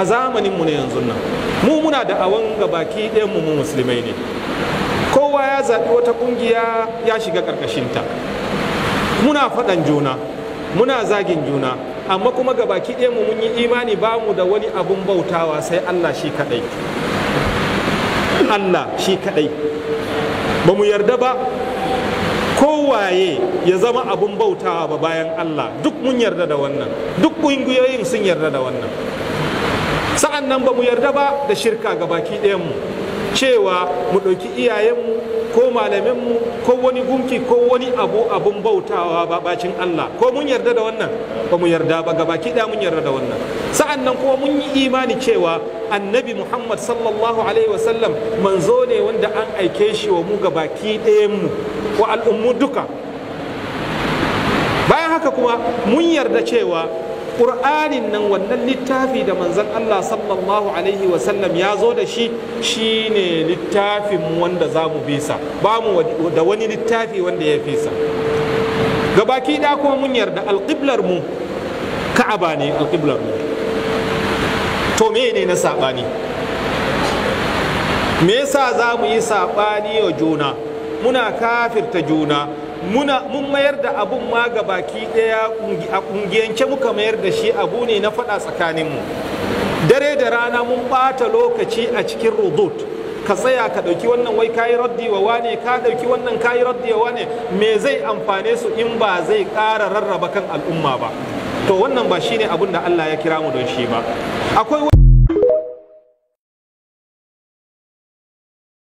a zamanin mu ne yanzu nan mu muna da awon gabaki baki ɗayan mu musulmai ne kowa ya zaɓi wata ƙungiya ya shiga ƙarƙashinta muna faɗan juna muna zagin juna amma kuma gabaki baki ɗayan mu mun yi imani ba mu da wani abun bautawa sai Allah shi kaɗai Allah shi kaɗai ba mu yarda ba kowaye ya zama abun bautawa ba bayan Allah duk mun yarda da wannan duk ƙungiyoyin sun yarda da wannan sannan ba mu yarda ba da shirka ga baki ɗayanmu cewa mu ɗauki iyayenmu ko malaminmu ko wani gunki ko wani abu abun bautawa ba bacin Allah ko mun yarda da wannan ba mu yarda ba ga baki ɗaya mun yarda da wannan sa'an nan kuma mun yi imani cewa annabi Muhammad sallallahu alaihi wasallam manzo ne wanda an aike shi wa mu ga baki ɗayanmu wa al'ummu duka bayan haka kuma mun yarda cewa ƙur'anin nan wannan littafi da manzan Allah sallallahu alaihi wasallam ya zo da shi shi ne littafin wanda za mu bisa ba mu da wani littafi wanda ya fisa gabaki da kuma mun yarda alƙiblar mu ka'aba ne alƙiblar mu to me ne na saɓani me yasa za mu yi saɓani wa juna muna kafirta juna muna mun mayar da abun ma ga baki ɗaya a kungiyance muka mayar da shi abu ne na faɗa tsakaninmu dare da rana mun ɓata lokaci a cikin rudut ka tsaya ka ɗauki wannan wai kayi raddi wa wane ka ɗauki wannan kayi raddi wa wane me zai amfane su in ba zai ƙara rarraba kan al'umma ba to wannan ba shine abun da Allah ya kira mu don shi ba akwai